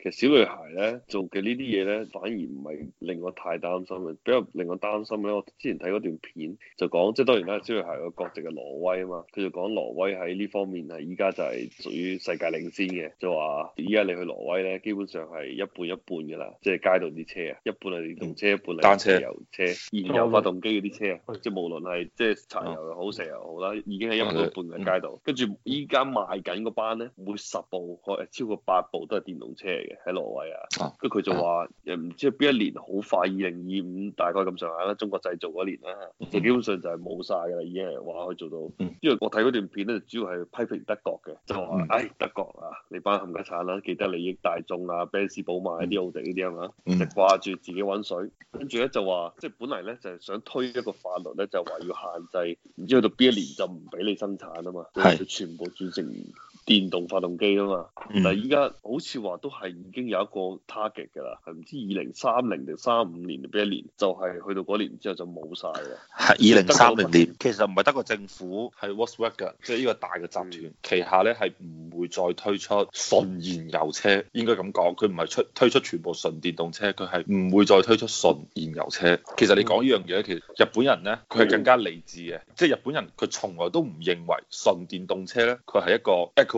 其實小女孩咧做嘅呢啲嘢咧，反而唔係令我太擔心嘅。比較令我擔心咧，我之前睇過段片就講，即係當然啦，小女孩個國籍係挪威啊嘛。佢就講挪威喺呢方面係依家就係屬於世界領先嘅，就話依家你去挪威咧，基本上係一半一半噶啦，即係街道啲車啊，一半係電動車，一半係燃油車，燃油發動機嗰啲車，嗯、即係無論係即係柴油又好，石油好啦，已經係一半一半嘅街道。跟住依家賣緊嗰班咧，每十部可超過八部都係電動車。喺挪威啊，跟住佢就話，誒唔知邊一年好快，二零二五大概咁上下啦，中國製造嗰年啦，嗯、就基本上就係冇晒㗎啦，已經話可以做到。嗯、因為我睇嗰段片咧，主要係批評德國嘅，就話，唉、嗯哎，德國啊，你班冚家產啦，記得利益大眾啊，Benz、嗯、寶馬啲奧迪呢啲啊嘛，即、嗯、掛住自己揾水，跟住咧就話，即係本嚟咧就係想推一個法律咧，就話要限制，唔知去到邊一年就唔俾你生產啊嘛，要全部轉成。電動發動機啊嘛，嗯、但係依家好似話都係已經有一個 target 噶啦，係唔知二零三零定三五年定邊一年，就係、是、去到嗰年之後就冇晒啦。係二零三零年。其實唔係德國政府係 WhatsApp 噶，即係呢個大嘅集團、嗯、旗下咧係唔會再推出純燃油車，應該咁講，佢唔係出推出全部純電動車，佢係唔會再推出純燃油車。其實你講呢樣嘢、嗯、其實日本人咧佢係更加理智嘅，即係、嗯、日本人佢從來都唔認為純電動車咧佢係一個。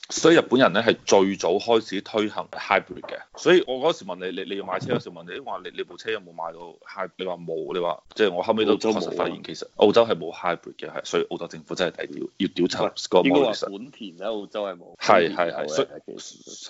所以日本人咧係最早開始推行 hybrid 嘅，所以我嗰時問你，你你要買車嗰時問你，你你你部車有冇買到 hybrid 你話冇，你話即係我後尾都確實發現其實澳洲係冇 hybrid 嘅，係所以澳洲政府真係抵屌，要調查。應該本田喺澳洲係冇。係係係，所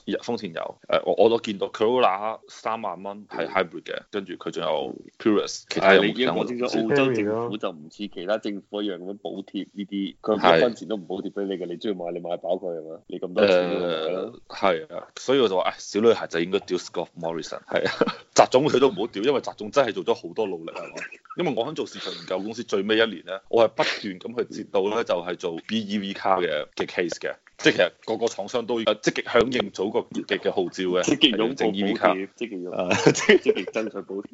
以豐田有，誒我我都見到佢 Corolla 三萬蚊係 hybrid 嘅，跟住佢仲有 Prius。但你見我見到澳洲政府就唔似其他政府一樣咁樣補貼呢啲，佢一分錢都唔補貼俾你嘅，你中意買你買飽佢係嘛？你咁。誒係啊，所以我就話：誒、哎、小女孩就應該屌 Scott Morrison 係啊，習總佢都唔好屌，因為習總真係做咗好多努力係嘛。因為我響做市場研究公司最尾一年咧，我係不斷咁去接到咧，就係做 BEV 卡嘅嘅 case 嘅，即係其實個個廠商都積極響應祖國嘅嘅號召嘅，積極擁抱 BEV，積極擁，積極爭取補貼。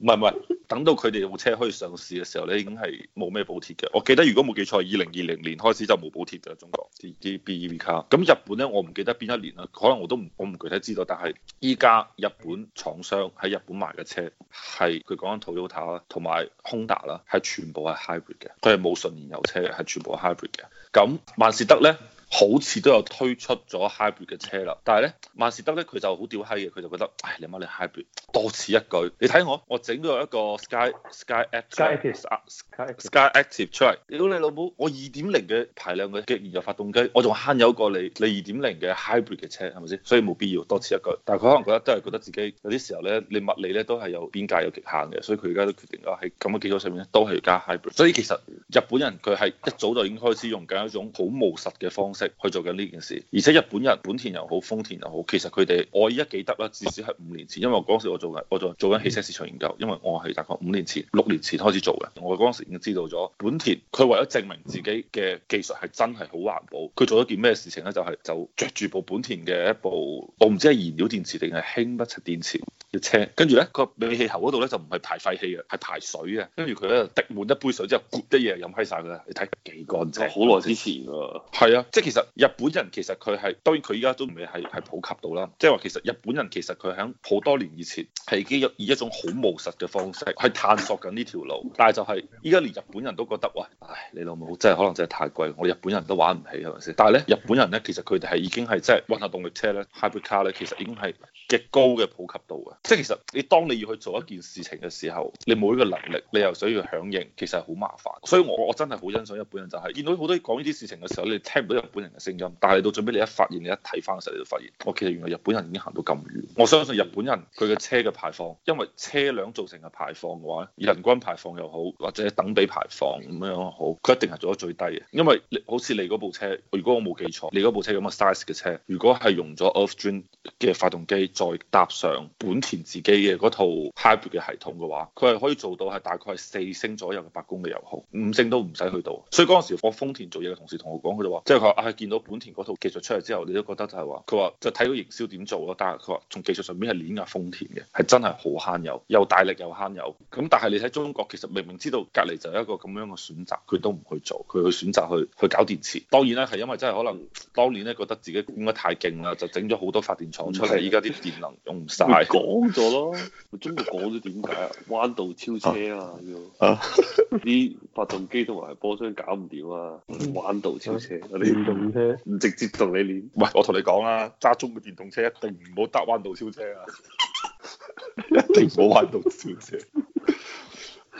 唔係唔係，等到佢哋部車可以上市嘅時候咧，已經係冇咩補貼嘅。我記得如果冇記錯，二零二零年開始就冇補貼㗎。中國啲啲 B E V car。咁日本咧，我唔記得邊一年啦，可能我都唔，我唔具體知道。但係依家日本廠商喺日本賣嘅車，係佢講緊 Toyota 啦，同埋 Honda 啦，係全部係 hybrid 嘅，佢係冇純燃油車嘅，係全部 hybrid 嘅。咁萬事得咧，好似都有推出咗 hybrid 嘅車啦，但係咧，萬事得咧佢就好屌閪嘅，佢就覺得，唉，你乜你 hybrid 多此一舉？你睇我，我整咗一個 sky sky active sky active 出嚟，屌你老母，我二點零嘅排量嘅汽油發動機，我仲慳有過你你二點零嘅 hybrid 嘅車係咪先？所以冇必要多此一舉。但係佢可能覺得都係覺得自己有啲時候咧，你物理咧都係有邊界有極限嘅，所以佢而家都決定咗喺咁嘅基礎上面咧都係加 hybrid。所以其實日本人佢係一早就已經開始用緊一種好務實嘅方式。去做緊呢件事，而且日本人、本田又好、豐田又好，其實佢哋我依家記得啦，至少係五年前，因為嗰時我做緊，我做做緊汽車市場研究，因為我係大概五年前、六年前開始做嘅，我嗰時已經知道咗，本田佢為咗證明自己嘅技術係真係好環保，佢做咗件咩事情呢？就係、是、就着住部本田嘅一部，我唔知係燃料電池定係氫不切電池，嘅車，跟住咧個尾氣喉嗰度咧就唔係排廢氣嘅，係排水嘅。跟住佢喺滴滿一杯水之後，攰一嘢飲閪曬嘅。你睇幾乾淨？好耐之前喎。係啊，即係其實日本人其實佢係當然佢依家都唔係係普及到啦。即係話其實日本人其實佢喺好多年以前係已經有以一種好務實嘅方式去探索緊呢條路，但係就係依家連日本人都覺得喂，唉、哎，你老母真係可能真係太貴，我哋日本人都玩唔起係咪先？但係咧，日本人咧其實佢哋係已經係即係混合動力車咧、hybrid car 咧，其實已經係極高嘅普及度嘅。即係其實你當你要去做一件事情嘅時候，你冇呢個能力，你又想要響應，其實係好麻煩。所以我我真係好欣賞日本人，就係見到好多講呢啲事情嘅時候，你聽唔到日本人嘅聲音。但係到最尾你一發現你一，你一睇翻嘅時候，你就發現，我其實原來日本人已經行到咁遠。我相信日本人佢嘅車嘅排放，因為車輛造成嘅排放嘅話，人均排放又好，或者等比排放咁樣好，佢一定係做得最低嘅。因為好似你嗰部車，如果我冇記錯，你嗰部車咁嘅 size 嘅車，如果係用咗 Earth Dream 嘅發動機，再搭上本田前自己嘅嗰套 Hybrid 嘅系統嘅話，佢係可以做到係大概係四升左右嘅百公里油耗，五升都唔使去到。所以嗰陣時，我豐田做嘢嘅同事同我講，佢就話，即係佢話，啊見到本田嗰套技術出嚟之後，你都覺得就係話，佢話就睇到營銷點做咯，但係佢話從技術上面係碾壓豐田嘅，係真係好慳油，又大力又慳油。咁但係你睇中國，其實明明知道隔籬就有一個咁樣嘅選擇，佢都唔去做，佢去選擇去去搞電池。當然啦，係因為真係可能當年咧覺得自己揾得太勁啦，就整咗好多發電廠出嚟，依家啲電能用唔晒。 工作咯，中國講咗點解啊？彎 道超車啊，要啲 發動機同埋波箱搞唔掂啊！彎 道超車，啊、你電動車唔 直接同你練，喂，我同你講啊，揸中嘅電動車一定唔好搭彎道超車啊！ 一定唔好彎道超車。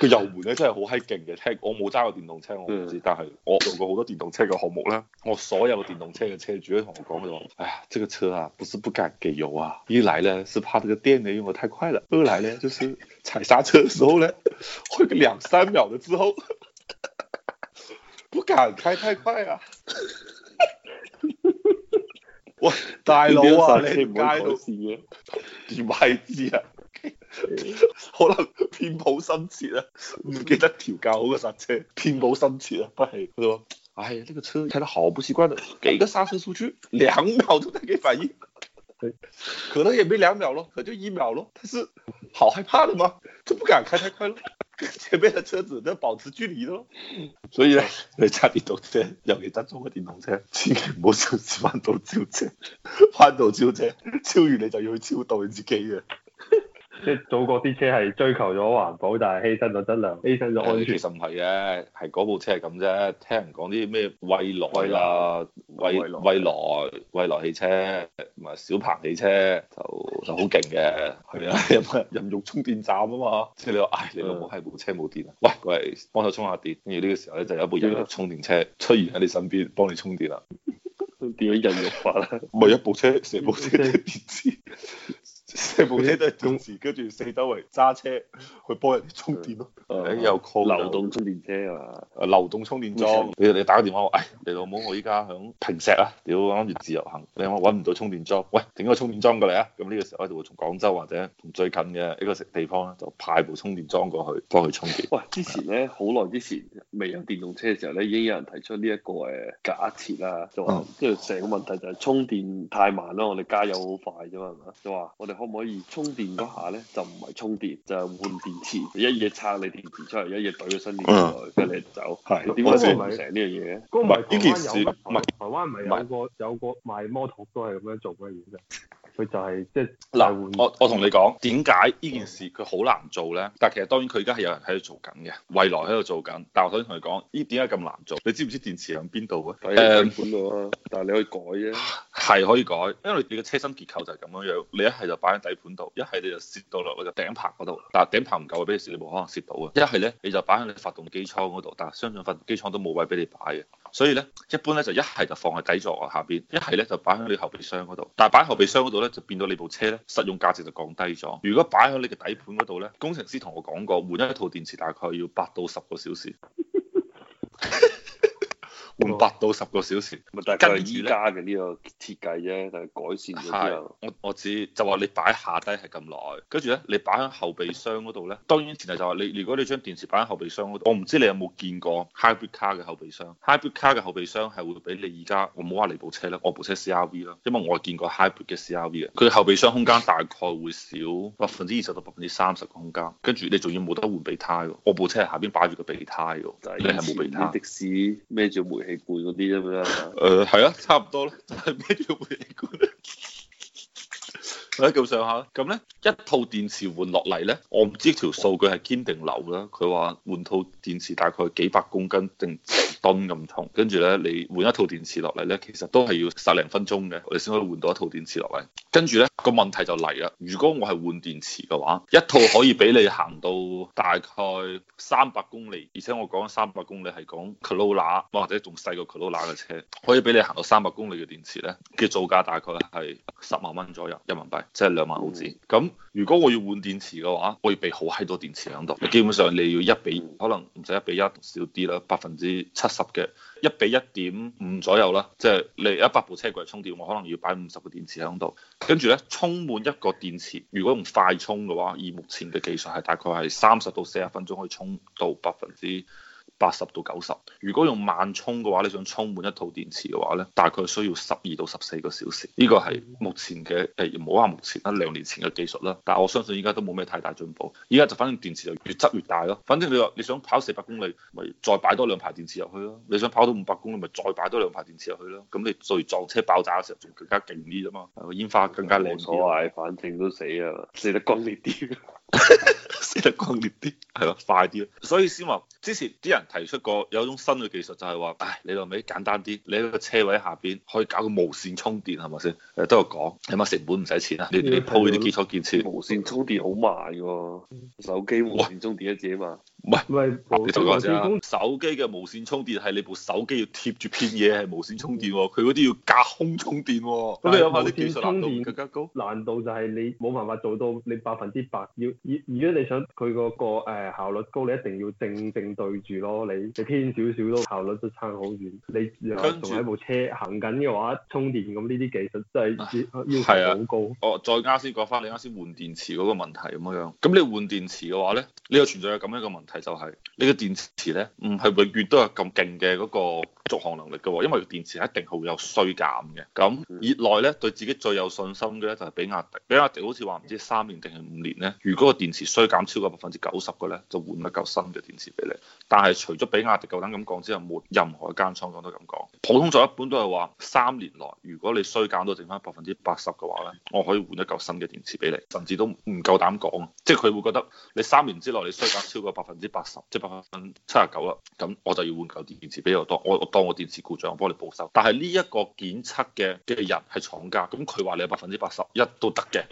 個油門咧真係好閪勁嘅，聽我冇揸過電動車，我唔知。但係我做過好多電動車嘅項目咧，我所有嘅電動車嘅車主都同我講，佢話：哎呀，呢個車啊，不是不敢給油啊，一來咧是怕呢個電咧用得太快了，二來咧就是踩剎車嘅時候咧，會個兩三秒嘅之後，不敢開太快啊！喂，大佬啊，你唔好改線嘅，唔係啊。 可能騙保心切啊，唔記得調教好個剎車，騙保心切啊，不係，佢話，哎呀呢、這個車睇得好不習慣的，給個剎車出去，兩秒鐘再給反應， 可能也沒兩秒咯，可就一秒咯，但是好害怕的嘛，就不敢開太快咯，前面的車子都保持距離咯。所以咧，你揸電動車尤其執中個電動車，千祈唔好上次翻到超車，翻到超車超越你就要去超倒你自己嘅。即係祖國啲車係追求咗環保，但係犧牲咗質量，犧牲咗安全。其實唔係嘅，係嗰部車係咁啫。聽人講啲咩蔚來啦、蔚蔚來、蔚來汽車，同埋小鵬汽車就就好勁嘅。係啊，任任用充電站啊嘛，即係你話唉，你老母係部車冇電啊，喂，過嚟幫手充下電。跟住呢個時候咧，就有一部任用充電車出現喺你身邊，幫你充電啊。點樣任用法啊？唔係 一部車，成部車都電池。 四部車都係同時跟住四周圍揸車去幫人哋充電咯。誒、嗯，又控 就流動充電車啊流動充電樁。你,你打個電話我，誒、哎，你老母我依家響坪石啊，屌諗住自由行，你揾唔到充電樁，喂，整個充電樁過嚟啊！咁呢個時候咧就會從廣州或者從最近嘅一個地方咧就派部充電樁過去幫佢充電。喂，之前咧好耐之前未有電動車嘅時候咧，已經有人提出呢一個誒假設啦，就話即係成個問題就係充電太慢啦，我哋加油好快啫嘛，係咪，就話我哋可唔可以充電嗰下咧就唔係充電就換電池，一嘢拆你電池出嚟，一嘢懟個新電池入，跟住你走。係點解做唔成樣呢樣嘢咧？嗰唔係呢件事，唔係台灣唔係有個，是有，個有個賣摩托都係咁樣做嘅嘢啫。佢是就係即係嗱，我我同你講點解呢件事佢好難做咧？但其實當然佢而家係有人喺度做緊嘅，蔚來喺度做緊。但我先同你講，依點解咁難做？你知唔知電池響邊度嘅？誒、嗯，但係你可以改啫、啊。係可以改，因為你嘅車身結構就係咁樣樣，你一係就擺喺底盤度，一係你就攝到落去個頂棚嗰度，但係頂棚唔夠啊，俾你攝你冇可能攝到啊。一係咧，你就擺喺你發動機艙嗰度，但係相信發動機艙都冇位俾你擺嘅。所以咧，一般咧就一係就放喺底座啊。下邊，一係咧就擺喺你後備箱嗰度。但係擺喺後備箱嗰度咧，就變到你部車咧實用價值就降低咗。如果擺喺你嘅底盤嗰度咧，工程師同我講過，換一套電池大概要八到十個小時。 換八到十個小時，跟而家嘅呢個設計啫，就係改善咗之後。我我只就話你擺下低係咁耐，跟住咧你擺喺後備箱嗰度咧，當然前提就話你如果你將電池擺喺後備箱嗰度，我唔知你有冇見過 Hybrid 卡嘅後備箱，Hybrid 卡嘅後備箱係會比你而家，我冇好話你部車啦，我部車 CRV 啦，因為我係見過 Hybrid 嘅 CRV 嘅，佢後備箱空間大概會少百分之二十到百分之三十個空間，跟住你仲要冇得換備胎喎，我部車係下邊擺住個備胎喎，你係冇備胎。的士孭住煤尾罐嗰啲啫嘛，誒係、 呃、啊，差唔多啦，係咩叫尾罐咧？誒 咁、 啊、上下咁咧一套電池換落嚟咧，我唔知條數據係堅定流啦。佢話換套電池大概幾百公斤定？當咁痛，跟住咧，你換一套電池落嚟咧，其實都係要十零分鐘嘅，我哋先可以換到一套電池落嚟。跟住咧，個問題就嚟啦。如果我係換電池嘅話，一套可以俾你行到大概三百公里，而且我講三百公里係講 Corolla 或者仲細過 Corolla 嘅車，可以俾你行到三百公里嘅電池咧，嘅造價大概係十萬蚊左右，人民幣即係兩萬澳紙。咁、就是、如果我要換電池嘅話，我要備好閪多電池喺度，基本上你要一比可能唔使一比一，少啲啦，百分之七。十嘅一比一點五左右啦，即係你一百部車過嚟充電，我可能要擺五十個電池響度，跟住咧充滿一個電池，如果用快充嘅話，以目前嘅技術，係大概係三十到四十分鐘可以充到百分之八十到九十，如果用慢充嘅話，你想充滿一套電池嘅話咧，大概需要十二到十四個小時。呢個係目前嘅，誒唔好話目前，一兩年前嘅技術啦。但係我相信依家都冇咩太大進步。依家就反正電池就越執越大咯。反正你話你想跑四百公里，咪再擺多兩排電池入去咯。你想跑到五百公里，咪再擺多兩排電池入去咯。咁你到時撞車爆炸嘅時候，仲更加勁啲啫嘛。煙花更加靚啲。冇所謂，反正都死啊，死得轟烈啲。 即係光烈啲，係嘛？快啲咯，所以先話之前啲人提出過有一種新嘅技術，就係話，唉，你話咪簡單啲，你喺個車位下邊可以搞個無線充電，係咪先？誒，都有講，起碼成本唔使錢啊！你你鋪呢啲基礎建設，無線充電好慢喎，哦，手機無線充電一陣嘛。唔係，你等我講先啊！手機嘅無線充電係你部手機要貼住片嘢係無線充電，佢嗰啲要隔空充電。咁你有冇啲技術難度更加高？難度就係你冇辦法做到你百分之百，要而而家你想佢嗰個效率高，你一定要正正對住咯，你你偏少少都效率都差好遠。你仲喺部車行緊嘅話，充電咁呢啲技術真係要求好高著、啊啊。哦，再啱先講翻你啱先換電池嗰個問題咁樣。咁你換電池嘅話咧，呢個存在有咁樣一個問題。就係呢個電池咧，唔係永遠都係咁勁嘅嗰個。續航能力嘅喎，因為電池一定係會有衰減嘅。咁業內咧，對自己最有信心嘅咧，就係比亞迪。比亞迪好似話唔知三年定係五年咧，如果個電池衰減超過百分之九十嘅咧，就換一嚿新嘅電池俾你。但係除咗比亞迪夠膽咁講之外，冇任何間廠講都咁講。普通就一般都係話三年內，如果你衰減到剩翻百分之八十嘅話咧，我可以換一嚿新嘅電池俾你。甚至都唔夠膽講，即係佢會覺得你三年之內你衰減超過百分之八十，即係百分之七十九啦，咁我就要換嚿電池比較多。我，我我電池故障，我幫你保修。但係呢一個檢測嘅嘅人係廠家，咁佢話你有百分之八十一都得嘅，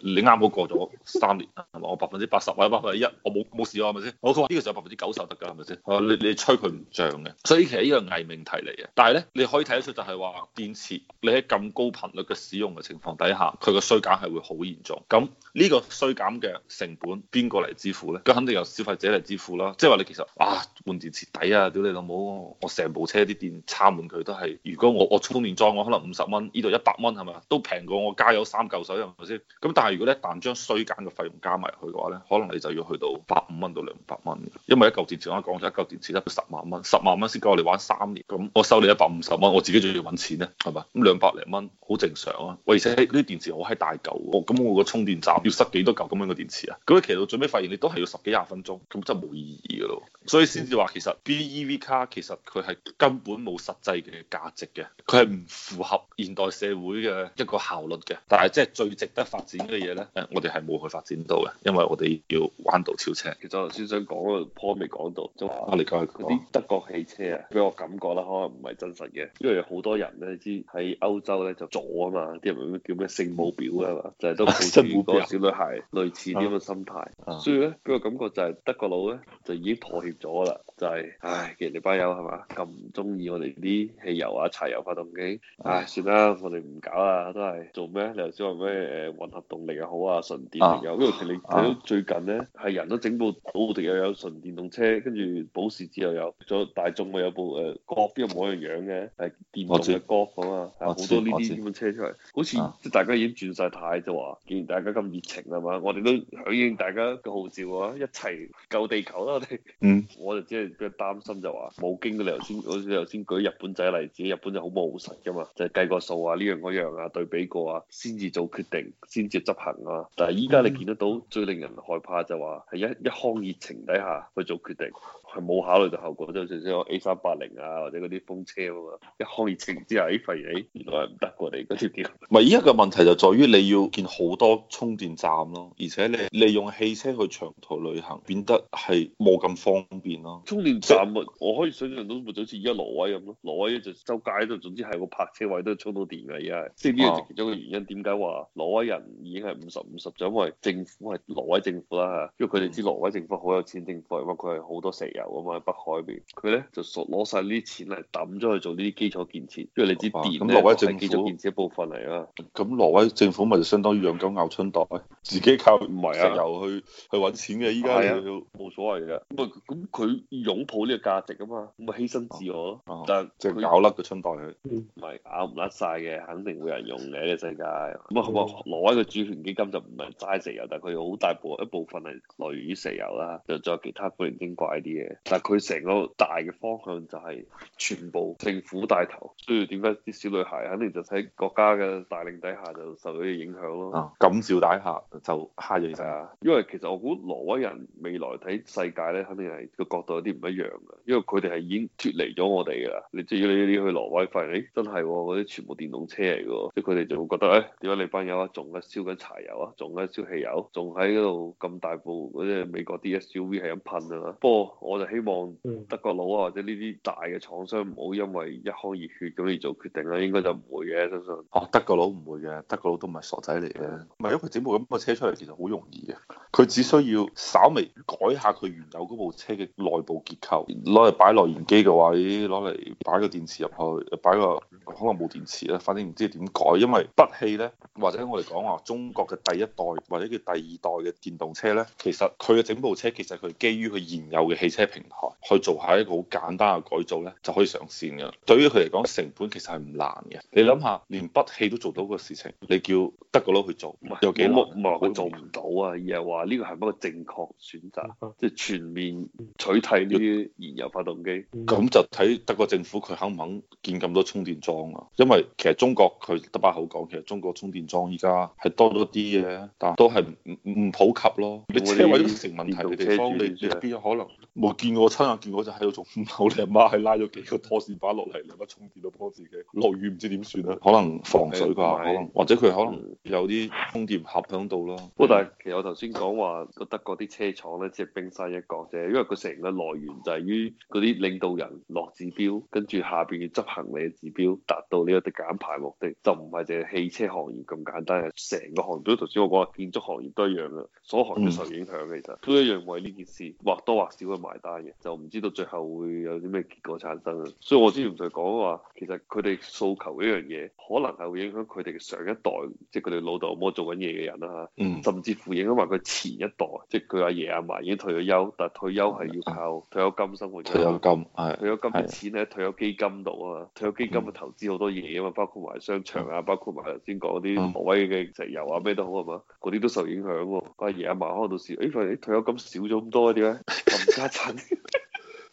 你啱好過咗三年，係咪？我百分之八十或者百分之一，我冇冇事啊？係咪先？我佢話呢個時候有百分之九十得㗎，係咪先？你你吹佢唔漲嘅，所以其實呢個偽命題嚟嘅。但係咧，你可以睇得出就係話電池你喺咁高頻率嘅使用嘅情況底下，佢個衰減係會好嚴重。咁呢個衰減嘅成本邊個嚟支付咧？佢肯定由消費者嚟支付啦。即係話你其實啊換電池抵啊，屌你老母，我成部車。啲電插滿佢都係，如果我我充電樁我可能五十蚊，呢度一百蚊係嘛，都平過我加油三嚿水係咪先？咁但係如果一但將衰減嘅費用加埋去嘅話咧，可能你就要去到百五蚊到兩百蚊，因為一嚿電池我剛剛講咗一嚿電池得十萬蚊，十萬蚊先夠我哋玩三年，咁我收你一百五十蚊，我自己仲要揾錢咧係嘛？咁兩百零蚊好正常啊！喂，而且啲電池我喺大嚿，咁、哦、我個充電站要塞幾多嚿咁樣嘅電池啊？咁佢其實最尾發現你都係要十幾廿分鐘，咁真係冇意義㗎咯。所以先至話其實 BEV 卡其實佢係今。本冇實際嘅價值嘅，佢係唔符合現代社會嘅一個效率嘅。但係即係最值得發展嘅嘢咧，誒，我哋係冇去發展到嘅，因為我哋要彎道超車。其實我頭先想講嗰個 point 未講到，即係話嗰啲德國汽車啊，俾我感覺啦，可能唔係真實嘅，因為好多人咧，知喺歐洲咧就左啊嘛，啲人叫咩聖母表啊嘛，就係、是、都抱住嗰啲小女孩類似啲咁嘅心態，啊啊、所以咧，俾我感覺就係德國佬咧就已經妥協咗啦，就係、是，唉，其實你班友係嘛，撳中意我哋啲汽油啊、柴油發動機，唉，算啦，我哋唔搞啦，都係做咩？你頭先話咩？誒、uh，啊，混合動力又好啊，純電油。因為其實你睇到最近咧，係、啊、人都整部保時捷又有純電動車，跟住保時捷又有，有，仲有大眾咪有部誒，各邊冇一樣嘅，係電動嘅轎咁啊，好多呢啲咁嘅車出嚟。好似即大家已經轉晒軚就話，既然大家咁熱情啊嘛，我哋都響應大家嘅號召啊，一齊救地球啦！我哋，嗯、我就只係比較擔心就話，冇經過你頭先我。你頭先舉日本仔例子，日本仔好務實噶嘛，就係、是、計個數啊，呢樣嗰樣啊，對比過啊，先至做決定，先至執行啊。但係依家你見得到最令人害怕就話係一一腔熱情底下去做決定，係冇考慮到後果，就好似啲 A 三八零啊，或者嗰啲風車喎，一腔熱情之下，哎廢氣，原來唔得過嚟嗰條點？唔係依家嘅問題就在於你要建好多充電站咯、啊，而且你利用汽車去長途旅行變得係冇咁方便咯、啊。充電站啊，以我可以想象到就好似一挪威咁咯，挪威就周街都，總之係個泊車位都充到電嘅，而家即係呢個其中嘅原因。點解話挪威人已經係五十五十？就因為政府係挪威政府啦嚇，因為佢哋知挪威政府好有錢，政府嚟嘛，佢係好多石油啊嘛，喺北海邊佢咧就索攞晒呢啲錢嚟抌咗去做呢啲基礎建設，因為你知電咧係、啊、基礎建設一部分嚟啊。咁挪威政府咪就相當於養狗咬春袋，自己靠唔係啊石油去去揾錢嘅。依家係冇所謂嘅。咁咁佢擁抱呢個價值啊嘛，咁啊犧牲自我、啊。哦、但他即咬甩個春袋去，唔係、嗯、咬唔甩晒嘅，肯定會有人用嘅呢 世界。咁啊，挪威嘅主權基金就唔係齋石油，但係佢有好大部一部分係來自於石油啦，就仲有其他古靈精怪啲嘢。但係佢成個大嘅方向就係全部政府帶頭。所以點解啲小女孩肯定就喺國家嘅帶領底下就受呢啲影響咯。咁少底下就蝦咗啲啦。的因為其實我估挪威人未來睇世界咧，肯定係個角度有啲唔一樣嘅，因為佢哋係已經脱離咗我。我哋噶，你至於你呢啲去挪威發現，誒、欸、真係嗰啲全部電動車嚟嘅，即係佢哋就會覺得咧，點解你班友啊仲喺燒緊柴油啊，仲喺燒汽油，仲喺嗰度咁大部嗰啲美國 D S U V 係咁噴啊？不過我就希望德國佬啊或者呢啲大嘅廠商唔好因為一腔熱血咁而做決定啦，應該就唔會嘅相信。哦，德國佬唔會嘅，德國佬都唔係傻仔嚟嘅。唔係，因為整部咁嘅車出嚟其實好容易嘅，佢只需要稍微改下佢原有嗰部車嘅內部結構，攞嚟擺落燃機嘅位，攞嚟擺個電池入去，擺個可能冇電池啦，反正唔知點改。因為北汽呢，或者我哋講話中國嘅第一代或者叫第二代嘅電動車呢，其實佢嘅整部車其實佢基於佢現有嘅汽車平台去做下一個好簡單嘅改造呢，就可以上線㗎喇。對於佢嚟講，成本其實係唔難嘅。你諗下，連北汽都做到個事情，你叫德國佬去做，是有幾難？冇冇話佢做唔？好啊，而係話呢個係一個正確選擇，即係全面取締呢啲燃油發動機。咁就睇德國政府佢肯唔肯建咁多充電樁啊？因為其實中國佢得把口講，其實中國充電樁依家係多咗啲嘅，但的都係唔唔普及咯。你車位都成問題，你地方你邊有可能？冇見過，親眼見過就喺度做。我你阿媽係拉咗幾個拖線板落嚟，嚟乜充電都幫自己。落雨唔知點算啊？可能防水啩，可能或者佢可能、嗯、有啲充電盒響度咯。不過、嗯、但係，其實我頭先講話個德國啲車廠咧，即係冰山一角啫，因為佢成個來源就係於嗰啲領導人落指標，跟住下邊要執行你嘅指標，達到呢啲減排目的，就唔係淨係汽車行業咁簡單，係成個行業都頭先我講建築行業都一樣嘅，所行業受影響、嗯、其實都一樣為呢件事或多或少嘅。埋單嘅，就唔知道最後會有啲咩結果產生啊！所以我之前就講話，其實佢哋訴求一樣嘢，可能係會影響佢哋上一代，即係佢哋老豆阿媽做緊嘢嘅人啦嚇，甚至乎影響埋佢前一代，即係佢阿爺阿嫲已經退咗休，但係退休係要靠退休金生活，退休金係，退休金嘅錢咧，退休基金度啊，退休基金嘅投資好多嘢啊嘛，包括埋商場啊，包括埋頭先講嗰啲挪威嘅石油啊咩都好係嘛，嗰啲都受影響喎，阿爺阿嫲可能到時，誒發現啲退休金少咗咁多，啲咧？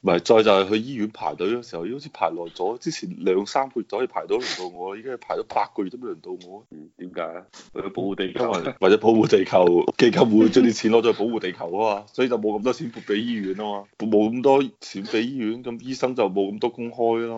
唔係， 再就係去醫院排隊嘅時候，因為好似排耐咗。之前兩三個月就可以排到輪到我，依家排咗八個月都未輪到我。點、嗯、解？為咗保護地球， 或者保護地球基金會將啲錢攞咗去保護地球啊嘛，所以就冇咁多錢撥俾醫院啊嘛，冇咁多錢俾醫院，咁醫生就冇咁多工開咯。